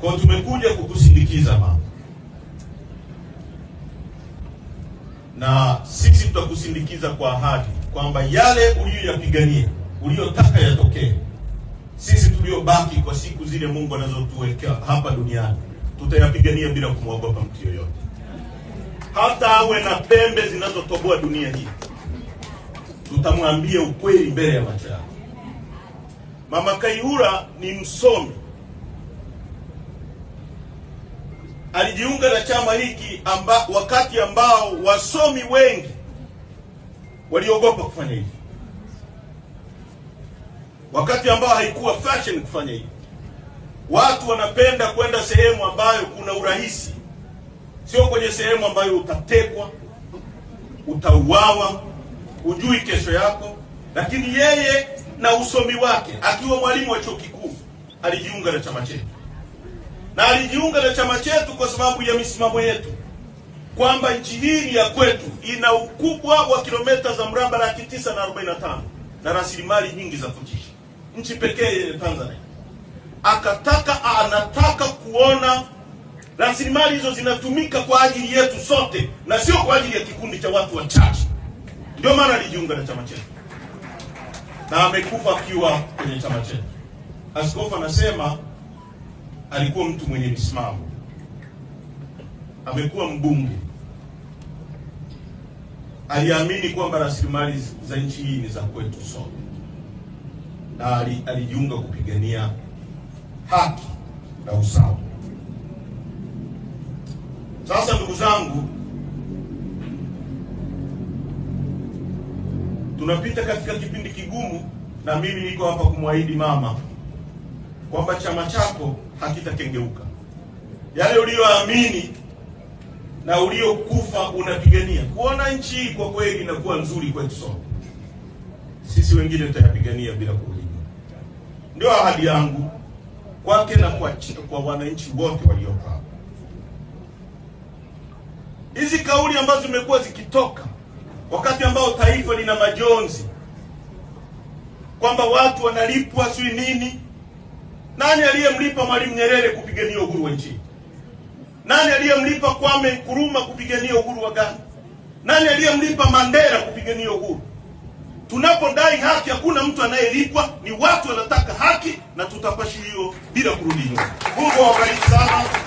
Kwa tumekuja kukusindikiza mama, na sisi tutakusindikiza kwa ahadi kwamba yale uliyoyapigania uliyotaka yatokee, sisi tuliobaki kwa siku zile Mungu anazotuwekea hapa duniani tutayapigania bila kumwogopa mtu yoyote, hata awe na pembe zinazotoboa dunia hii, tutamwambia ukweli mbele ya macho Mama Kaihura ni msomi alijiunga na chama hiki amba, wakati ambao wasomi wengi waliogopa kufanya hivi, wakati ambao haikuwa fashion kufanya hivi. Watu wanapenda kwenda sehemu ambayo kuna urahisi, sio kwenye sehemu ambayo utatekwa, utauawa, hujui kesho yako. Lakini yeye na usomi wake, akiwa mwalimu wa chuo kikuu, alijiunga na chama chetu na alijiunga na chama chetu sababu ya misimamo yetu kwamba nchi hii ya kwetu ina ukubwa wa kilomita za mraba laki tisa na arobaini na tano na rasilimali nyingi za kutisha, nchi pekee yenye Tanzania. Akataka anataka kuona rasilimali hizo zinatumika kwa ajili yetu sote na sio kwa ajili ya kikundi cha watu wachache. Ndio maana alijiunga na chama chetu na amekufa akiwa kwenye chama chetu. Askofu anasema alikuwa mtu mwenye msimamo amekuwa mbunge, aliamini kwamba rasilimali za nchi hii ni za kwetu sote, na alijiunga kupigania haki na usawa. Sasa ndugu zangu, tunapita katika kipindi kigumu, na mimi niko hapa kumwahidi mama kwamba chama chako hakitakengeuka. Yale uliyoamini na uliokufa unapigania. Kuona nchi hii kwa kweli inakuwa nzuri kwetu sote, sisi wengine tutayapigania bila kuuliza. Ndio ahadi yangu kwake na kwa, kwa wananchi wote walioko hapa. Hizi kauli ambazo zimekuwa zikitoka wakati ambao taifa lina majonzi kwamba watu wanalipwa sui nini, nani aliyemlipa Mwalimu Nyerere kupigania uhuru wa nchi? Nani aliyemlipa Kwame Nkrumah kupigania uhuru wa Ghana? Nani aliyemlipa Mandela kupigania uhuru? Tunapodai haki hakuna mtu anayelipwa, ni watu wanataka haki, na tutapasha hiyo bila kurudi nyuma. Mungu awabariki sana.